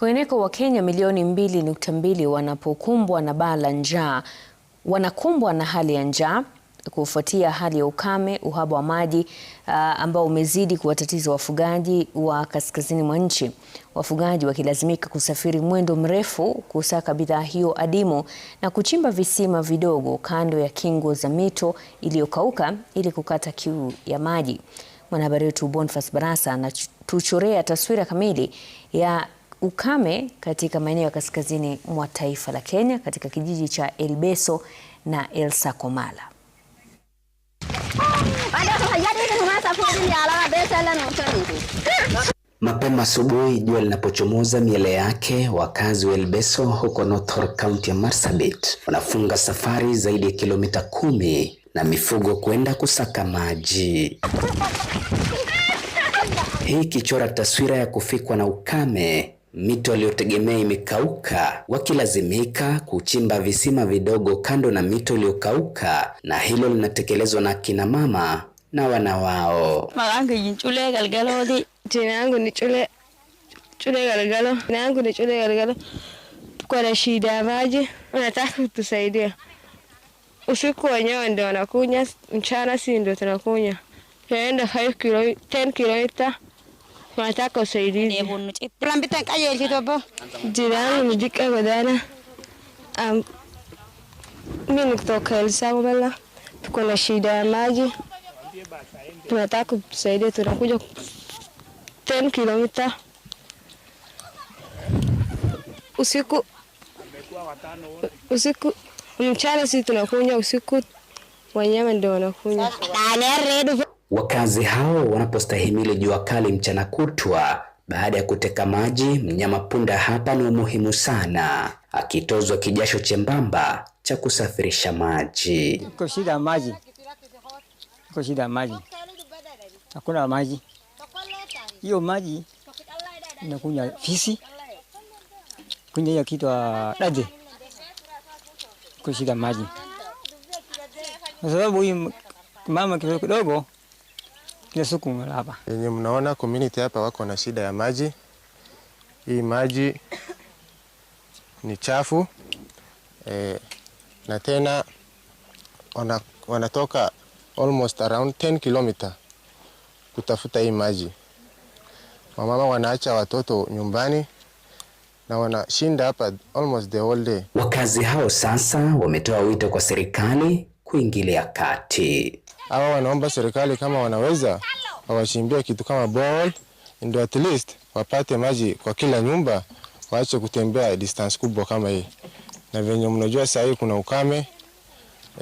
Kwingineko, Wakenya milioni mbili nukta mbili wanapokumbwa na baa la njaa wanakumbwa na hali ya njaa kufuatia hali ya ukame, uhaba wa maji uh, ambao umezidi kuwatatiza wafugaji wa kaskazini mwa nchi, wafugaji wakilazimika kusafiri mwendo mrefu kusaka bidhaa hiyo adimu na kuchimba visima vidogo kando ya kingo za mito iliyokauka ili kukata kiu ya maji. Mwanahabari wetu Boniface Barasa anatuchorea taswira kamili ya Ukame katika maeneo ya kaskazini mwa taifa la Kenya katika kijiji cha Elbeso na Komala. Mapema asubuhi jua linapochomoza miele yake, wakazi wa Elbeso huko Northor County ya Marsabit wanafunga safari zaidi ya kilomita kumi na mifugo kwenda kusaka maji. Hii ikichora taswira ya kufikwa na ukame Mito aliyotegemea imekauka, wakilazimika kuchimba visima vidogo kando na mito iliyokauka, na hilo linatekelezwa na kina mama na wana wao. galgalo, Jina yangu ni Chule, Chule Galgalo. Jina yangu ni Chule Galgalo. Tuko na shida ya maji, unataka kutusaidia? Usiku wenyewe ndio wanakunya, mchana si ndio tunakunya, tunaenda 5 kilo 10 kilomita Nataka usaidizi. Jirani nimejika badala. Um, mimi kutoka Elsamu bala tuko shida maji, tunataka kutusaidia. Tunakuja 10 kilomita usiku usiku, mchana sisi tunakunya usiku, wanyama ndio wanakunya. Wakazi hao wanapostahimili jua kali mchana kutwa baada ya kuteka maji, mnyama punda hapa ni muhimu sana, akitozwa kijasho chembamba cha kusafirisha maji. Iko shida maji, iko shida maji, hakuna maji. Hiyo maji inakunywa fisi kunywa hiyo kitu dade, iko shida maji kwa sababu huyu mama kidogo hapa yenye mnaona community hapa wako na shida ya maji. Hii maji ni chafu e, na tena wana, wanatoka almost around 10 km kutafuta hii maji. Wamama wanaacha watoto nyumbani na wanashinda hapa almost the whole day. Wakazi hao sasa wametoa wito kwa serikali kuingilia kati hawa wanaomba serikali kama wanaweza wawashimbie kitu kama bol, ndo at least wapate maji kwa kila nyumba, waache kutembea distance kubwa kama hii. Na venye mnajua saa hii kuna ukame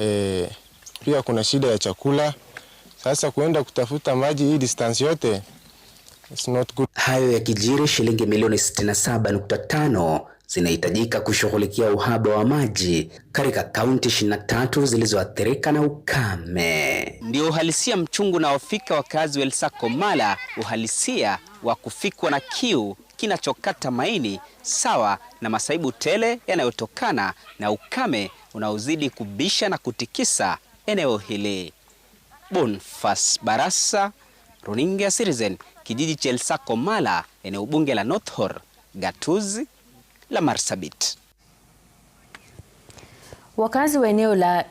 e, pia kuna shida ya chakula. Sasa kuenda kutafuta maji hii distance yote, it's not good. Hayo yakijiri, shilingi milioni 67.5 zinahitajika kushughulikia uhaba wa maji katika kaunti 23 zilizoathirika na ukame. Ndio uhalisia mchungu naofika wakazi wa mala uhalisia wa kufikwa na kiu kinachokata maini, sawa na masaibu tele yanayotokana na ukame unaozidi kubisha na kutikisa eneo hili. Bonfas Barasa, runinga Citizen, kijiji cha Elsakomala, eneo bunge la North Horr, gatuzi la Marsabit. Wakazi wa eneo la